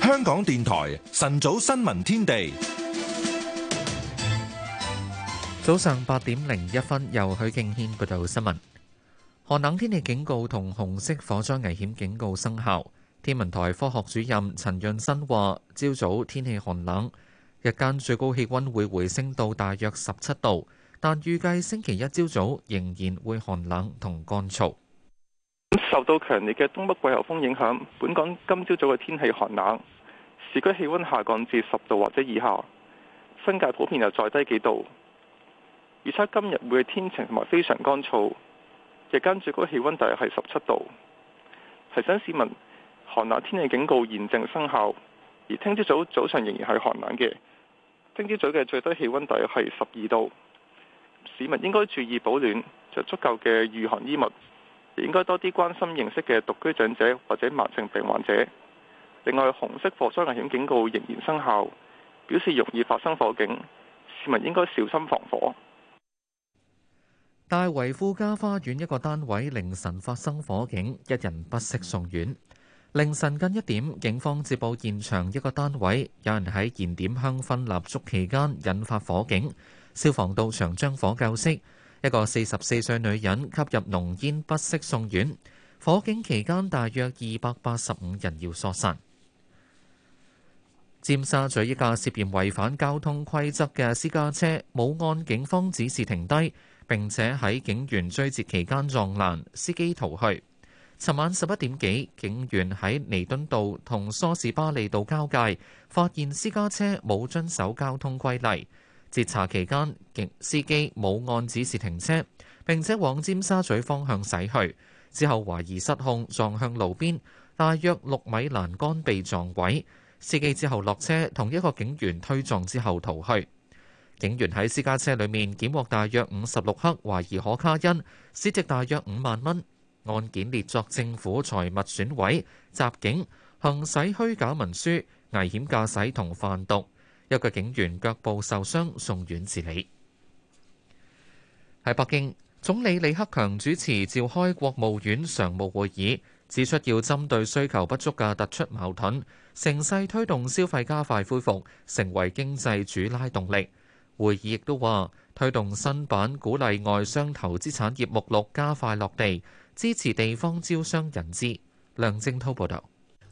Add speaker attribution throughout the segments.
Speaker 1: 香港電台晨早新聞天地，早上八點零一分，由許敬軒報導新聞。寒冷天氣警告同紅色火災危險警告生效。天文台科學主任陳潤新話，朝早天氣寒冷，日間最高氣溫會回升到大約十七度，但預計星期一朝早仍然會寒冷同乾燥。受到強烈嘅東北季候風影響，本港今朝早嘅天氣寒冷，市區氣溫下降至十度或者以下，新界普遍又再低幾度。預測今日會天，天晴同埋非常乾燥，日間最高氣溫大約係十七度，提醒市民。寒冷天氣警告現正生效，而聽朝早早上仍然係寒冷嘅。聽朝早嘅最低氣溫大概係十二度，市民應該注意保暖，着足夠嘅御寒衣物，亦應該多啲關心認識嘅獨居長者或者慢性病患者。另外，紅色火災危險警告仍然生效，表示容易發生火警，市民應該小心防火。大圍富嘉花園一個單位凌晨發生火警，一人不適送院。凌晨近一點，警方接報現場一個單位有人喺燃點香薰蠟燭期間引發火警，消防到場將火救熄。一個四十四歲女人吸入濃煙不適送院。火警期間，大約二百八十五人要疏散。尖沙咀一架涉嫌違反交通規則嘅私家車冇按警方指示停低，並且喺警員追截期間撞爛，司機逃去。尋晚十一點幾，警員喺彌敦道同梳士巴利道交界發現私家車冇遵守交通規例。截查期間，司機冇按指示停車，並且往尖沙咀方向駛去。之後懷疑失控撞向路邊，大約六米欄杆被撞毀。司機之後落車，同一個警員推撞之後逃去。警員喺私家車裡面檢獲大約五十六克懷疑可卡因，市值大約五萬蚊。案件列作政府財物損毀襲警、行使虛假文書危險駕駛同販毒。一個警員腳部受傷送院治理。喺北京，總理李克強主持召開國務院常務會議指出要針對需求不足嘅突出矛盾，乘勢推動消費加快恢復成為經濟主拉動力。會議亦都話推動新版《鼓勵外商投資產業目錄》加快落地。支持地方招商引資。梁晶
Speaker 2: 濤報道，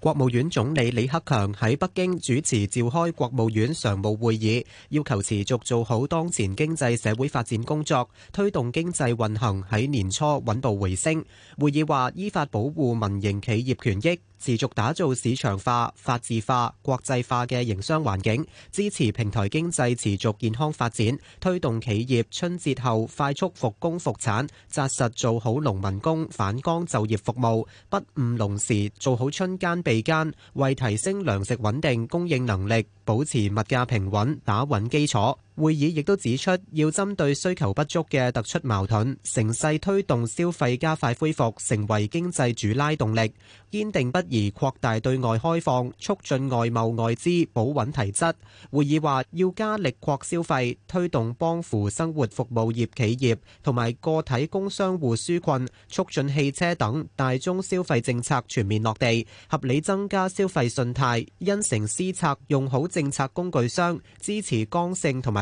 Speaker 2: 國務院總理李克強喺北京主持召開國務院常務會議，要求持續做好當前經濟社會發展工作，推動經濟運行喺年初穩步回升。會議話，依法保護民營企業權益。持續打造市場化、法治化、國際化嘅營商環境，支持平台經濟持續健康發展，推動企業春節後快速復工復產，紮實做好農民工返崗就業服務，不誤農時做好春耕備耕，為提升糧食穩定供應能力、保持物價平穩打穩基礎。會議亦都指出，要針對需求不足嘅突出矛盾，乘勢推動消費加快恢復，成為經濟主拉動力。堅定不移擴大對外開放，促進外貿外資保穩提質。會議話要加力擴消費，推動幫扶生活服務業企業同埋個體工商戶紓困，促進汽車等大宗消費政策全面落地，合理增加消費信貸，因城施策，用好政策工具箱，支持剛性同埋。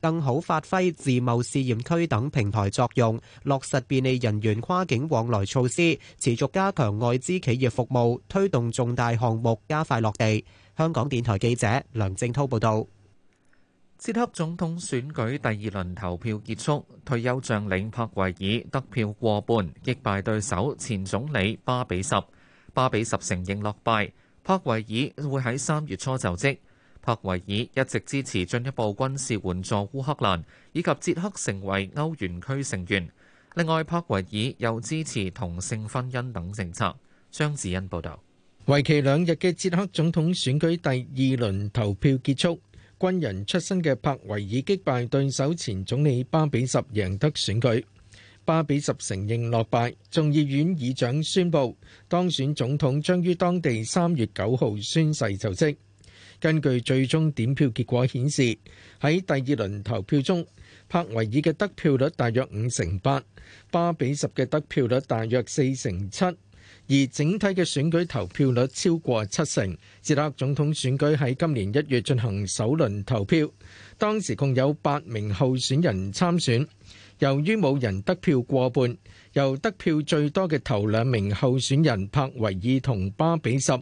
Speaker 2: 更好發揮自貿試驗區等平台作用，落實便利人員跨境往來措施，持續加強外資企業服務，推動重大項目加快落地。香港電台記者梁正滔報導。
Speaker 1: 捷克總統選舉第二輪投票結束，退休將領帕維爾得票過半，擊敗對手前總理巴比什。巴比什承認落敗，帕維爾會喺三月初就職。帕維爾一直支持進一步軍事援助烏克蘭，以及捷克成為歐元區成員。另外，帕維爾又支持同性婚姻等政策。張智恩報導。
Speaker 3: 為期兩日嘅捷克總統選舉第二輪投票結束，軍人出身嘅帕維爾擊敗對手前總理巴比什，贏得選舉。巴比什承認落敗，眾議院議長宣布當選總統將於當地三月九號宣誓就職。根據最終點票結果顯示，喺第二輪投票中，柏維爾嘅得票率大約五成八，巴比什嘅得票率大約四成七，而整體嘅選舉投票率超過七成。捷克總統選舉喺今年一月進行首輪投票，當時共有八名候選人參選，由於冇人得票過半，由得票最多嘅頭兩名候選人柏維爾同巴比什，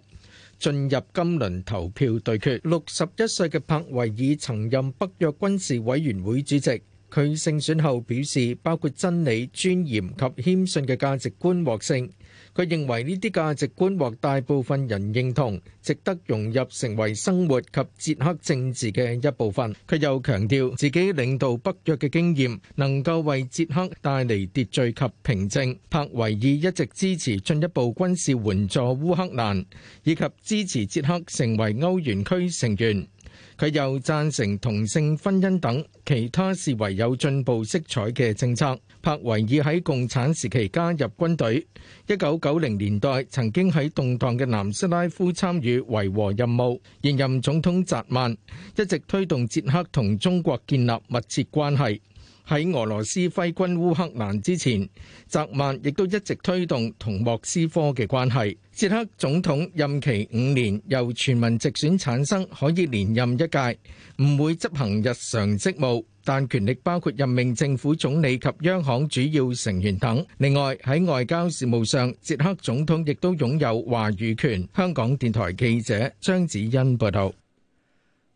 Speaker 3: 進入今輪投票對決。六十一歲嘅柏維爾曾任北約軍事委員會主席。佢勝選後表示，包括真理、尊嚴及謙遜嘅價值觀獲勝。佢認為呢啲價值觀獲大部分人認同，值得融入成為生活及捷克政治嘅一部分。佢又強調自己領導北約嘅經驗能夠為捷克帶嚟秩序及平靜。柏維爾一直支持進一步軍事援助烏克蘭，以及支持捷克成為歐元區成員。佢又贊成同性婚姻等其他視為有進步色彩嘅政策。柏維爾喺共產時期加入軍隊，一九九零年代曾經喺動盪嘅南斯拉夫參與維和任務。現任總統澤曼一直推動捷克同中國建立密切關係。喺俄羅斯揮軍烏克蘭之前，澤曼亦都一直推動同莫斯科嘅關係。捷克總統任期五年，由全民直選產生，可以連任一屆，唔會執行日常職務，但權力包括任命政府總理及央行主要成員等。另外，喺外交事務上，捷克總統亦都擁有話語權。香港電台記者張子欣報道。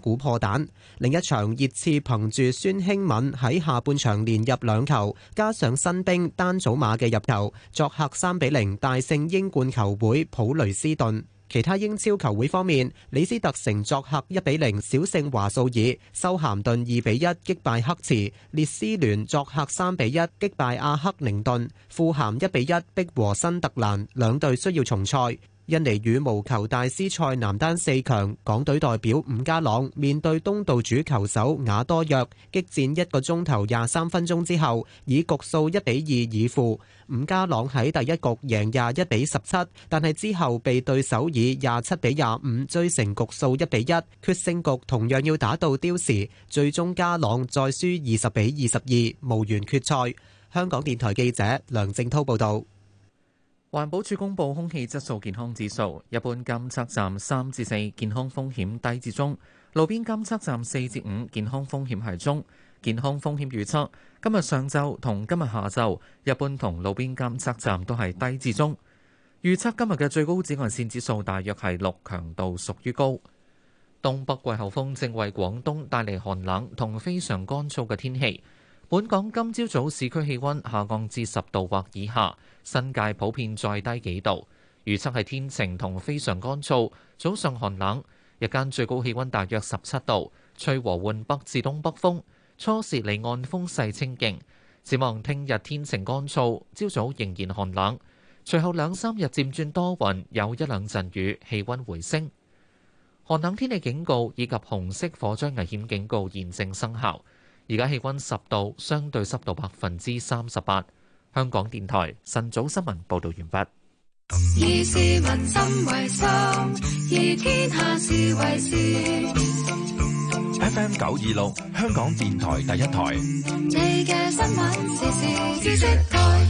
Speaker 2: 古破蛋，另一場熱刺憑住孫興敏喺下半場連入兩球，加上新兵丹祖馬嘅入球，作客三比零大勝英冠球會普雷斯頓。其他英超球會方面，李斯特城作客一比零小勝華素爾，修咸頓二比一擊敗黑池，列斯聯作客三比一擊敗阿克寧頓，富咸一比一逼和新特蘭，兩隊需要重賽。印尼羽毛球大師賽男單四強港隊代表伍家朗面對東道主球手瓦多約激戰一個鐘頭廿三分鐘之後以局數一比二以負伍家朗喺第一局贏廿一比十七，但係之後被對手以廿七比廿五追成局數一比一，決勝局同樣要打到刁時，最終家朗再輸二十比二十二，無緣決賽，香港電台記者梁正濤報道。
Speaker 1: 環保署公布空氣質素健康指數，一般監測站三至四，健康風險低至中；路邊監測站四至五，健康風險係中。健康風險預測今日上晝同今日下晝，一般同路邊監測站都係低至中。預測今日嘅最高紫外線指數大約係六，強度屬於高。東北季候風正為廣東帶嚟寒冷同非常乾燥嘅天氣。本港今朝早，早市區氣温下降至十度或以下，新界普遍再低幾度。預測係天晴同非常乾燥，早上寒冷，日間最高氣温大約十七度，吹和緩北至東北風，初時離岸風勢清勁。展望聽日天晴乾燥，朝早仍然寒冷，隨後兩三日漸轉多雲，有一兩陣雨，氣温回升。寒冷天氣警告以及紅色火災危險警告現正生效。而家氣温十度，相對濕度百分之三十八。香港電台晨早新聞報道完畢。
Speaker 4: F.M. 九二六，香港電台第一台。
Speaker 2: 你嘅新聞時時要識睇。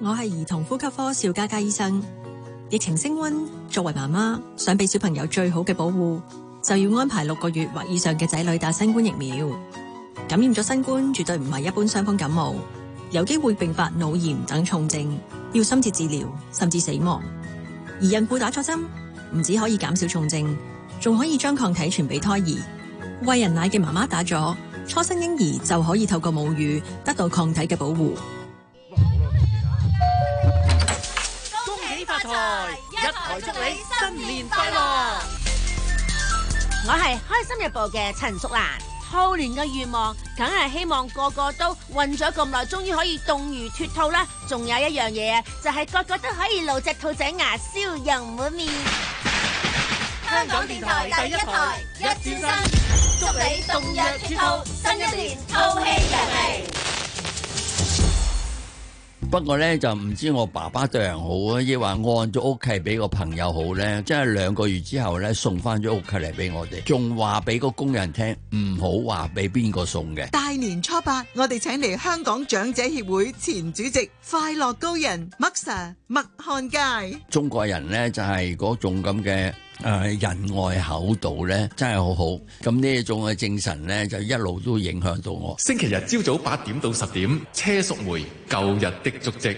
Speaker 4: 我係兒童呼吸科邵嘉嘉醫生。疫情升温，作為媽媽想俾小朋友最好嘅保護，就要安排六個月或以上嘅仔女打新冠疫苗。感染咗新冠，絕對唔係一般傷風感冒，有機會併發腦炎等重症，要深切治療，甚至死亡。而孕婦打錯針，唔止可以減少重症，仲可以將抗體傳俾胎兒。喂人奶嘅媽媽打咗，初生嬰兒就可以透過母乳得到抗體嘅保護。恭喜發財，一齊祝你新年快樂。快樂，我係開心日報嘅陳淑蘭。兔年嘅願望，梗係希望個個都困咗咁耐，終於可以動如脫兔啦！仲有一樣嘢啊，就係個個都可以露隻兔仔牙，笑容滿面。香港
Speaker 3: 電台第一台一轉身，祝你動若脫兔，新一年兔氣揚眉。
Speaker 4: 不過咧就唔知我爸爸對人好，亦話按咗屋契俾個朋友好咧，即係兩個月之後咧送翻咗屋契嚟俾我哋，仲話俾個工人聽唔好話俾邊個送嘅。
Speaker 5: 大年初八，我哋請嚟香港長者協會前主席、快樂高人麥 Sir 麥漢佳。
Speaker 4: 中國人咧就係嗰種咁嘅。誒仁愛厚道咧，真係好好。咁呢一種嘅精神咧，就一路都影響到我。星期日朝早八點到十點，車淑梅《舊日的足跡》。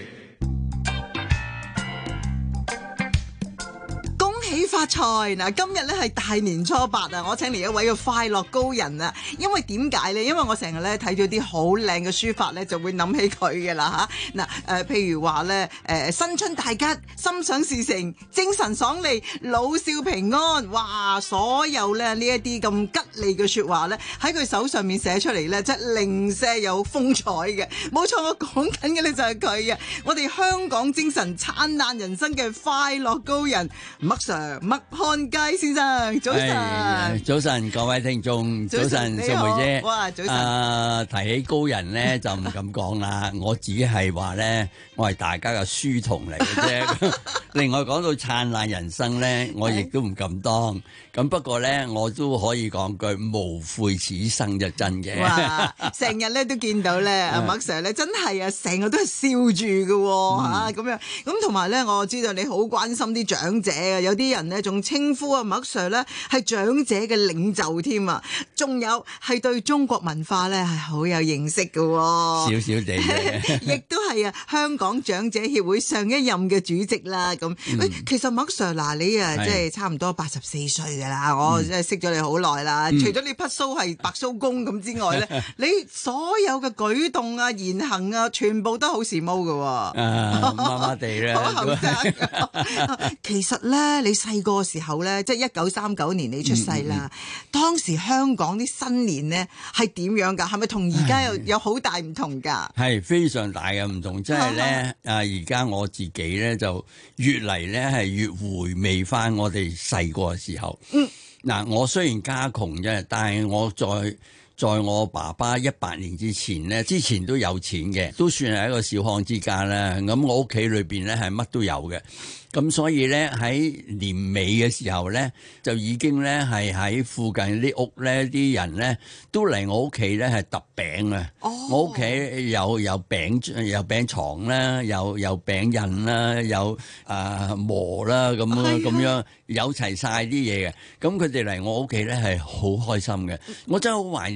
Speaker 5: 恭喜發財！嗱，今日咧係大年初八啊，我請嚟一位嘅快樂高人啊。因為點解咧？因為我成日咧睇咗啲好靚嘅書法咧，就會諗起佢㗎啦嚇。嗱。誒，譬、呃、譬如話咧，誒新春大吉，心想事成，精神爽利，老少平安，哇！所有咧呢一啲咁吉利嘅説話咧，喺佢手上面寫出嚟咧，真係零舍有風采嘅。冇錯，我講緊嘅咧就係佢嘅，我哋香港精神燦爛人生嘅快樂高人麥 sir 麥漢佳先生，早晨、哎，
Speaker 4: 早晨各位聽眾，早晨小梅姐，哇早晨，啊、呃、提起高人咧就唔敢講啦， 我只係話咧。咧，我係大家嘅書童嚟嘅啫。另外講到燦爛人生咧，我亦都唔敢當。咁不過咧，我都可以講句無悔此生就真嘅。哇，
Speaker 5: 成日咧都見到咧阿麥 Sir 咧真係啊，成日都係笑住嘅吓咁樣。咁同埋咧，我知道你好關心啲長者啊，有啲人咧仲稱呼阿麥 Sir 咧係長者嘅領袖添啊。仲有係對中國文化咧係好有認識嘅。少少地，亦都係。係啊，香港長者協會上一任嘅主席啦，咁， 喂、嗯，其實麥 Sir 嗱，嗯、你啊，即係差唔多八十四歲噶啦，我即係識咗你好耐啦。除咗你匹鬚係白鬚公咁之外咧， 你所有嘅舉動啊、言行啊，全部都好時髦噶，麻麻、啊、地啦，好後生噶。 其實咧，你細個時候咧，即係一九三九年你出世啦，嗯嗯、當時香港啲新年咧係點樣噶？係咪同而家又有好大唔同噶？
Speaker 4: 係非常大噶。同，即係咧，啊！而家我自己咧就越嚟咧係越回味翻我哋細個嘅時候。嗯，嗱， 我雖然家窮啫，但係我再。在我爸爸一八年之前咧，之前都有錢嘅，都算係一個小康之家啦。咁我屋企裏邊咧係乜都有嘅，咁所以咧喺年尾嘅時候咧，就已經咧係喺附近啲屋咧，啲人咧都嚟我屋企咧係揼餅啊！哦，我屋企有有餅桌、有餅床啦，有有餅印啦，有啊磨啦，咁樣咁樣有齊曬啲嘢嘅。咁佢哋嚟我屋企咧係好開心嘅，我真係好懷念。